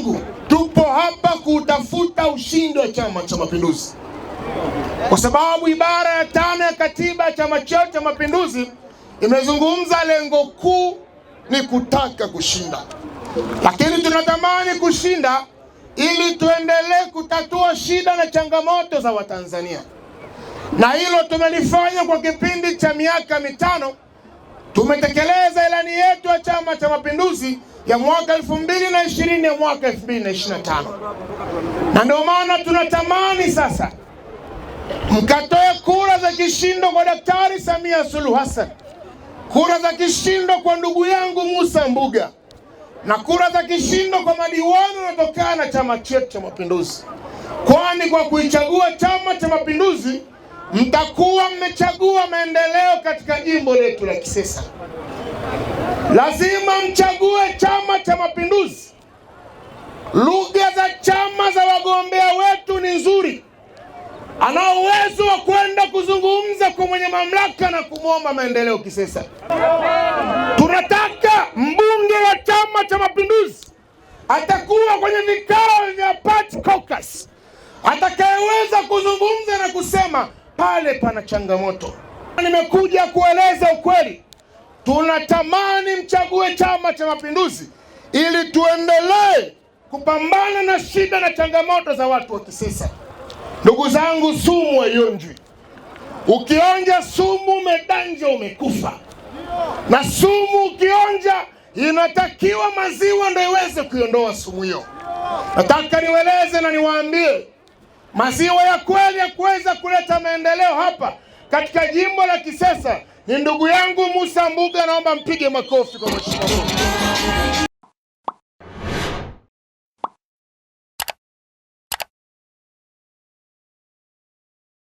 yangu, tupo hapa kutafuta ushindi wa Chama cha Mapinduzi, kwa sababu ibara ya tano ya katiba ya chama chao cha Mapinduzi imezungumza lengo kuu ni kutaka kushinda, lakini tunatamani kushinda ili tuendelee kutatua shida na changamoto za Watanzania, na hilo tumelifanya kwa kipindi cha miaka mitano. Tumetekeleza ilani yetu ya Chama cha Mapinduzi ya mwaka 2020 na mwaka 2025, na ndio maana tunatamani sasa mkatoe kura za kishindo kwa Daktari Samia Suluhu Hassan, kura za kishindo kwa ndugu yangu Musa Mbuga na kura za kishindo kwa madiwani wanatokana na chama chetu cha Mapinduzi, kwani kwa kuichagua Chama cha Mapinduzi mtakuwa mmechagua maendeleo katika jimbo letu la Kisesa, lazima mchague Chama cha Mapinduzi. Lugha za chama za wagombea wetu ni nzuri, ana uwezo wa kwenda kuzungumza kwa mwenye mamlaka na kumwomba maendeleo Kisesa. Tunataka mbunge wa Chama cha Mapinduzi atakuwa kwenye vikao vya party caucus atakayeweza kuzungumza na kusema pale pana changamoto. Nimekuja kueleza ukweli, tunatamani mchague Chama cha Mapinduzi ili tuendelee kupambana na shida na changamoto za watu wa Kisesa. Ndugu zangu, sumu haionjwi. Ukionja sumu umedanja, umekufa. Na sumu ukionja, inatakiwa maziwa ndio iweze kuiondoa sumu hiyo. Nataka niweleze na niwaambie Maziwa ya kweli ya kuweza kuleta maendeleo hapa katika jimbo la Kisesa ni ndugu yangu Musa Mbuga. Naomba mpige makofi kwa mheshimiwa.